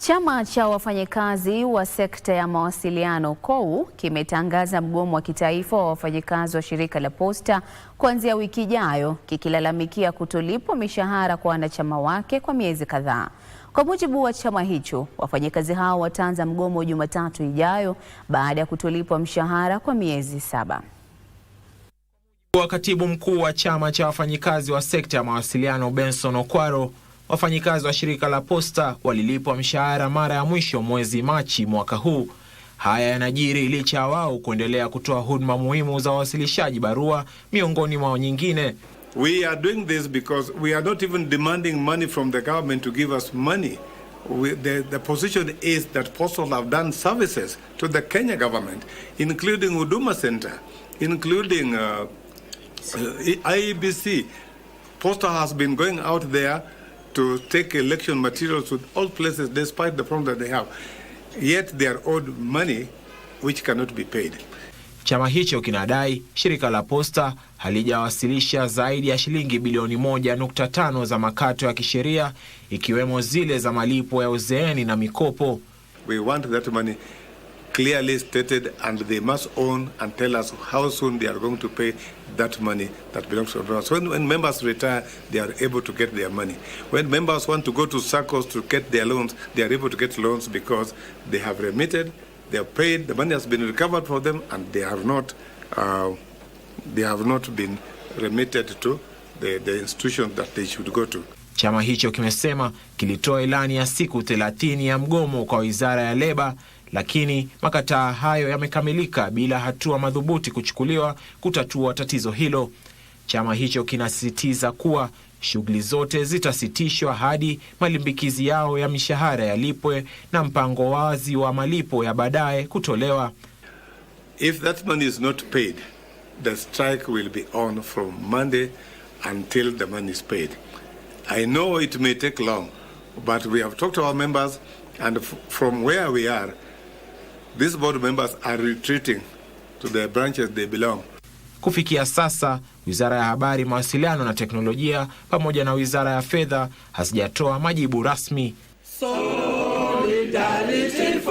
Chama cha wafanyakazi wa sekta ya mawasiliano kou kimetangaza mgomo wa kitaifa wa wafanyakazi wa shirika la Posta kuanzia wiki ijayo, kikilalamikia kutolipwa mishahara kwa wanachama wake kwa miezi kadhaa. Kwa mujibu wa chama hicho, wafanyakazi hao wataanza mgomo Jumatatu ijayo baada ya kutolipwa mshahara kwa miezi saba. Wa katibu mkuu wa chama cha wafanyikazi wa sekta ya mawasiliano Benson Okwaro wafanyikazi wa shirika la Posta walilipwa mshahara mara ya mwisho mwezi Machi mwaka huu. Haya yanajiri licha ya wao kuendelea kutoa huduma muhimu za wawasilishaji barua miongoni mwa nyingine. We are doing this because we are not even demanding money from the government to give us money. We, the, the position is that Postal have done services to the Kenya government, including Huduma Center, including uh, uh, IEBC. Postal has been going out there to take election materials to all places despite the problem that they have. Yet they are owed money which cannot be paid. Chama hicho kinadai shirika la posta halijawasilisha zaidi ya shilingi bilioni 1.5 za makato ya kisheria ikiwemo zile za malipo ya uzeeni na mikopo. We want that money clearly stated, and they must own and tell us how soon they are going to pay that money that belongs to members. When, when members retire, they are able to get their money. When members want to go to circles to get their loans, they are able to get loans because they have remitted, they have paid, the money has been recovered for them, and they have not, uh, they have not been remitted to the, the that they should go to. Chama hicho kimesema kilitoa ilani ya siku 30 ya mgomo kwa wizara ya leba, lakini makataa hayo yamekamilika bila hatua madhubuti kuchukuliwa kutatua tatizo hilo. Chama hicho kinasisitiza kuwa shughuli zote zitasitishwa hadi malimbikizi yao ya mishahara yalipwe na mpango wazi wa malipo ya baadaye kutolewa. If that money is not paid, the strike will be on from Monday until the money is paid. I know it may take long, but we have talked to our members, and f- from where we are, these board members are retreating to the branches they belong. Kufikia sasa, Wizara ya Habari, Mawasiliano na Teknolojia pamoja na Wizara ya Fedha hazijatoa majibu rasmi. Solidarity